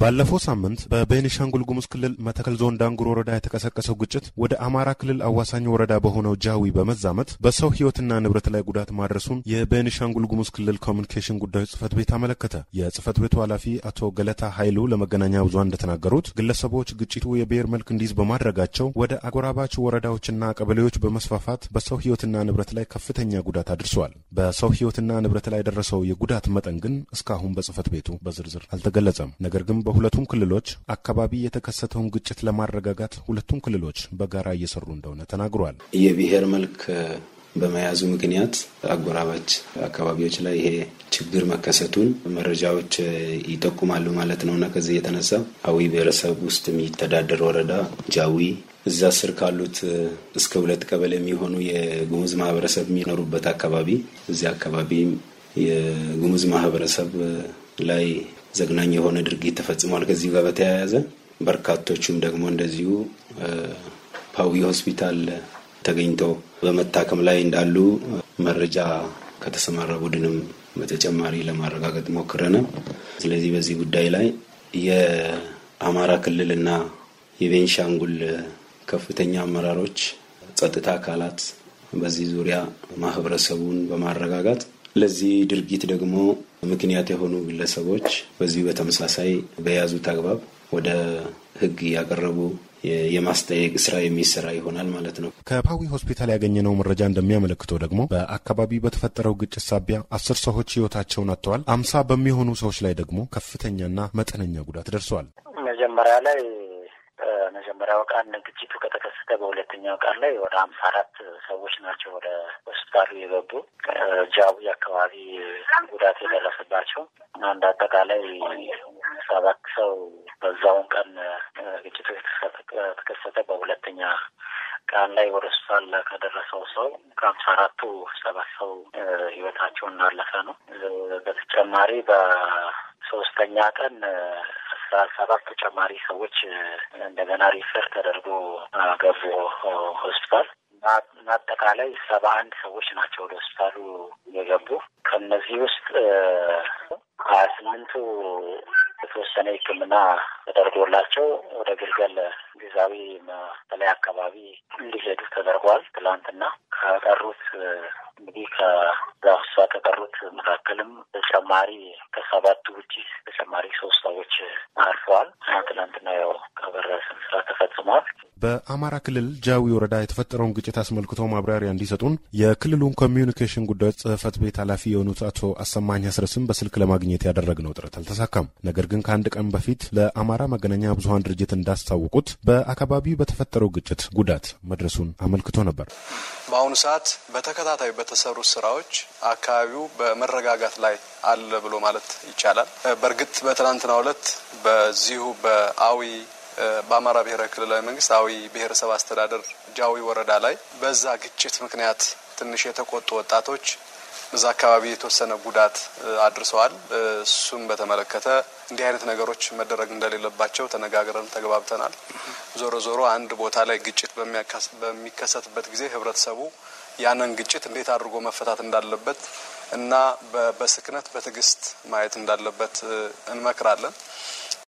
ባለፈው ሳምንት በቤኒሻንጉል ጉሙዝ ክልል መተከል ዞን ዳንጉር ወረዳ የተቀሰቀሰው ግጭት ወደ አማራ ክልል አዋሳኝ ወረዳ በሆነው ጃዊ በመዛመት በሰው ሕይወትና ንብረት ላይ ጉዳት ማድረሱን የቤኒሻንጉል ጉሙዝ ክልል ኮሚኒኬሽን ጉዳዮች ጽፈት ቤት አመለከተ። የጽህፈት ቤቱ ኃላፊ አቶ ገለታ ኃይሉ ለመገናኛ ብዙሃን እንደተናገሩት ግለሰቦች ግጭቱ የብሔር መልክ እንዲይዝ በማድረጋቸው ወደ አጎራባች ወረዳዎችና ቀበሌዎች በመስፋፋት በሰው ሕይወትና ንብረት ላይ ከፍተኛ ጉዳት አድርሰዋል። በሰው ሕይወትና ንብረት ላይ የደረሰው የጉዳት መጠን ግን እስካሁን በጽፈት ቤቱ በዝርዝር አልተገለጸም። ነገር ግን በሁለቱም ክልሎች አካባቢ የተከሰተውን ግጭት ለማረጋጋት ሁለቱም ክልሎች በጋራ እየሰሩ እንደሆነ ተናግሯል። የብሔር መልክ በመያዙ ምክንያት አጎራባች አካባቢዎች ላይ ይሄ ችግር መከሰቱን መረጃዎች ይጠቁማሉ ማለት ነው እና ከዚህ የተነሳ አዊ ብሔረሰብ ውስጥ የሚተዳደር ወረዳ ጃዊ እዛ ስር ካሉት እስከ ሁለት ቀበሌ የሚሆኑ የጉሙዝ ማህበረሰብ የሚኖሩበት አካባቢ እዚያ አካባቢ የጉሙዝ ማህበረሰብ ላይ ዘግናኝ የሆነ ድርጊት ተፈጽሟል። ከዚሁ ጋር በተያያዘ በርካቶቹም ደግሞ እንደዚሁ ፓዊ ሆስፒታል ተገኝተው በመታከም ላይ እንዳሉ መረጃ ከተሰማራ ቡድንም በተጨማሪ ለማረጋገጥ ሞክረናል። ስለዚህ በዚህ ጉዳይ ላይ የአማራ ክልልና የቤንሻንጉል ከፍተኛ አመራሮች፣ ጸጥታ አካላት በዚህ ዙሪያ ማህበረሰቡን በማረጋጋት ለዚህ ድርጊት ደግሞ ምክንያት የሆኑ ግለሰቦች በዚሁ በተመሳሳይ በያዙት አግባብ ወደ ሕግ እያቀረቡ የማስጠየቅ ስራ የሚሰራ ይሆናል ማለት ነው። ከፓዊ ሆስፒታል ያገኘነው መረጃ እንደሚያመለክተው ደግሞ በአካባቢ በተፈጠረው ግጭት ሳቢያ አስር ሰዎች ህይወታቸውን አጥተዋል። አምሳ በሚሆኑ ሰዎች ላይ ደግሞ ከፍተኛና መጠነኛ ጉዳት ደርሰዋል። መጀመሪያ ላይ በመጀመሪያው ቀን ግጭቱ ከተከሰተ በሁለተኛው ቀን ላይ ወደ ሀምሳ አራት ሰዎች ናቸው ወደ ሆስፒታሉ የገቡ ጃቡ አካባቢ ጉዳት የደረሰባቸው አንድ አጠቃላይ ሰባት ሰው በዛውን ቀን ግጭቱ ተከሰተ በሁለተኛ ቀን ላይ ወደ ሆስፒታል ከደረሰው ሰው ከሀምሳ አራቱ ሰባት ሰው ህይወታቸው እናለፈ ነው። በተጨማሪ በሶስተኛ ቀን አስራ ሰባት ተጨማሪ ሰዎች እንደገና ሪፈር ተደርጎ ገቡ ሆስፒታል እና አጠቃላይ ሰባ አንድ ሰዎች ናቸው ወደ ሆስፒታሉ የገቡ። ከነዚህ ውስጥ ሀያ ስምንቱ የተወሰነ ሕክምና ተደርጎላቸው ወደ ግልገል ግዛዊ መጠለያ አካባቢ እንዲሄዱ ተደርጓል። ትላንትና ከቀሩት እንግዲህ ከዛ ከቀሩት መካከልም ተጨማሪ ከሰባት ውጪ ተጨማሪ ሶስት ሰዎች አርፈዋል። ትናንትና ያው ቀብር ስነ ስርዓት ተፈጽሟል። በአማራ ክልል ጃዊ ወረዳ የተፈጠረውን ግጭት አስመልክቶ ማብራሪያ እንዲሰጡን የክልሉን ኮሚዩኒኬሽን ጉዳዮች ጽህፈት ቤት ኃላፊ የሆኑት አቶ አሰማኝ አስረስም በስልክ ለማግኘት ያደረግነው ጥረት አልተሳካም። ነገር ግን ከአንድ ቀን በፊት ለአማራ መገናኛ ብዙሀን ድርጅት እንዳስታወቁት በአካባቢው በተፈጠረው ግጭት ጉዳት መድረሱን አመልክቶ ነበር። በአሁኑ ሰዓት በተከታታይ በተሰሩ ስራዎች አካባቢው በመረጋጋት ላይ አለ ብሎ ማለት ይቻላል። በእርግጥ በትናንትናው ዕለት በዚሁ በአዊ በአማራ ብሔራዊ ክልላዊ መንግስት አዊ ብሔረሰብ አስተዳደር ጃዊ ወረዳ ላይ በዛ ግጭት ምክንያት ትንሽ የተቆጡ ወጣቶች እዛ አካባቢ የተወሰነ ጉዳት አድርሰዋል። እሱም በተመለከተ እንዲህ አይነት ነገሮች መደረግ እንደሌለባቸው ተነጋግረን ተግባብተናል። ዞሮ ዞሮ አንድ ቦታ ላይ ግጭት በሚከሰትበት ጊዜ ህብረተሰቡ ያንን ግጭት እንዴት አድርጎ መፈታት እንዳለበት እና በስክነት በትዕግስት ማየት እንዳለበት እንመክራለን።